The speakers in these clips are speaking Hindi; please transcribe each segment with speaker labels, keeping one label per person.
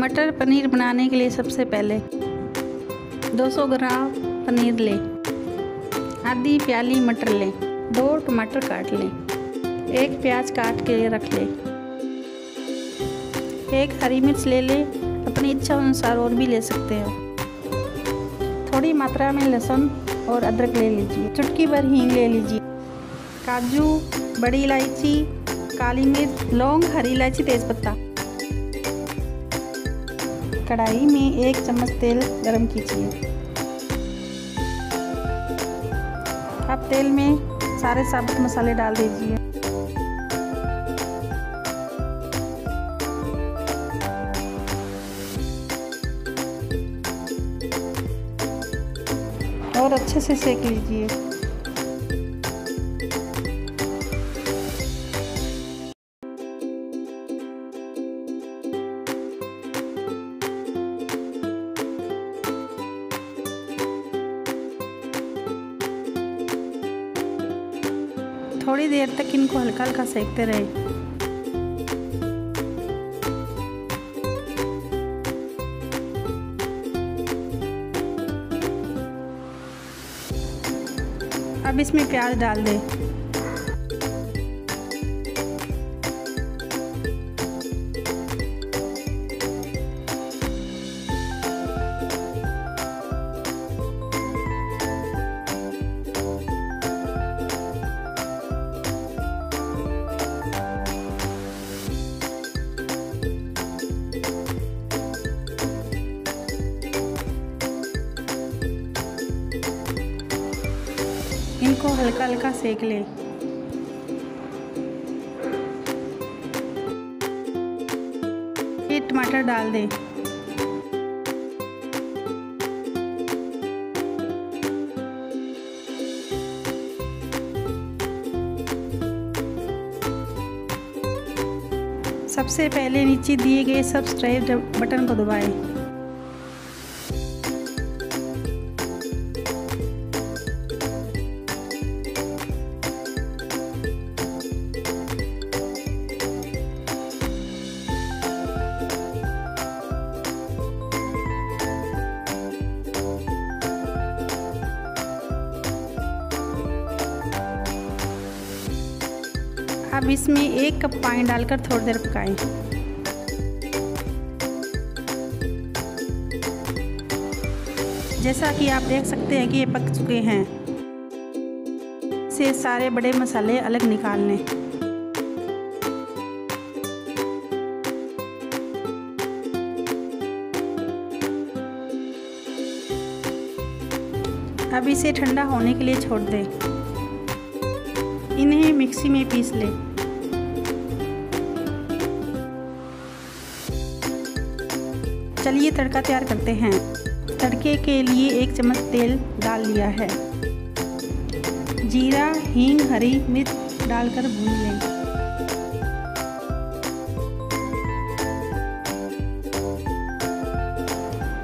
Speaker 1: मटर पनीर बनाने के लिए सबसे पहले 200 ग्राम पनीर लें आधी प्याली मटर लें दो टमाटर काट लें एक प्याज काट के रख लें एक हरी मिर्च ले लें अपनी इच्छा अनुसार और भी ले सकते हो थोड़ी मात्रा में लहसुन और अदरक ले लीजिए चुटकी भर हींग ले लीजिए काजू बड़ी इलायची काली मिर्च लौंग हरी इलायची तेज़पत्ता कढ़ाई में एक चम्मच तेल गरम कीजिए अब तेल में सारे साबुत मसाले डाल दीजिए और अच्छे से सेक लीजिए थोड़ी देर तक इनको हल्का हल्का सेकते रहे अब इसमें प्याज डाल दें को हल्का हल्का सेक लें फिर टमाटर डाल दें सबसे पहले नीचे दिए गए सब्सक्राइब बटन को दबाएं। अब इसमें एक कप पानी डालकर थोड़ी देर पकाएं। जैसा कि आप देख सकते हैं कि ये पक चुके हैं से सारे बड़े मसाले अलग निकाल लें अब इसे ठंडा होने के लिए छोड़ दें इन्हें मिक्सी में पीस लें चलिए तड़का तैयार करते हैं तड़के के लिए एक चम्मच तेल डाल लिया है जीरा हींग हरी मिर्च डालकर भून लें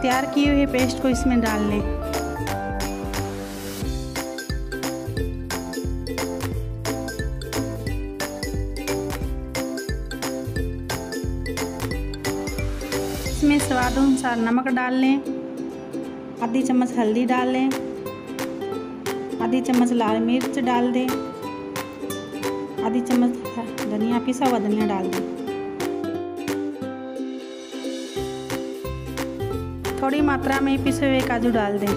Speaker 1: तैयार किए हुए पेस्ट को इसमें डाल लें अनुसार नमक डाल लें आधी चम्मच हल्दी डाल लें आधी चम्मच लाल मिर्च डाल दें आधी चम्मच धनिया पिसा हुआ धनिया डाल दें थोड़ी मात्रा में पिसे हुए काजू डाल दें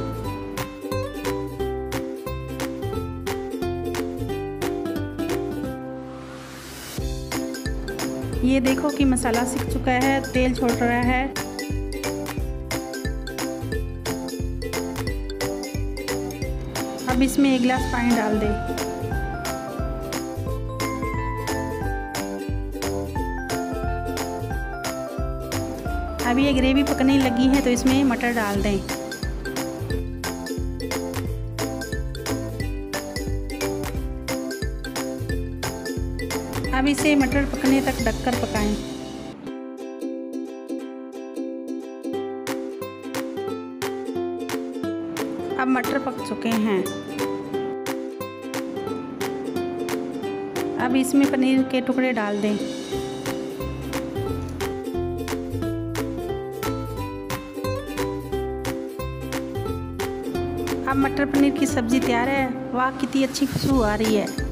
Speaker 1: ये देखो कि मसाला सीख चुका है तेल छोड़ रहा है अब इसमें एक गिलास पानी डाल दें अब ये ग्रेवी पकने लगी है तो इसमें मटर डाल दें अब इसे मटर पकने तक ढककर पकाएं। मटर पक चुके हैं अब इसमें पनीर के टुकड़े डाल दें अब मटर पनीर की सब्ज़ी तैयार है वाह कितनी अच्छी खुशबू आ रही है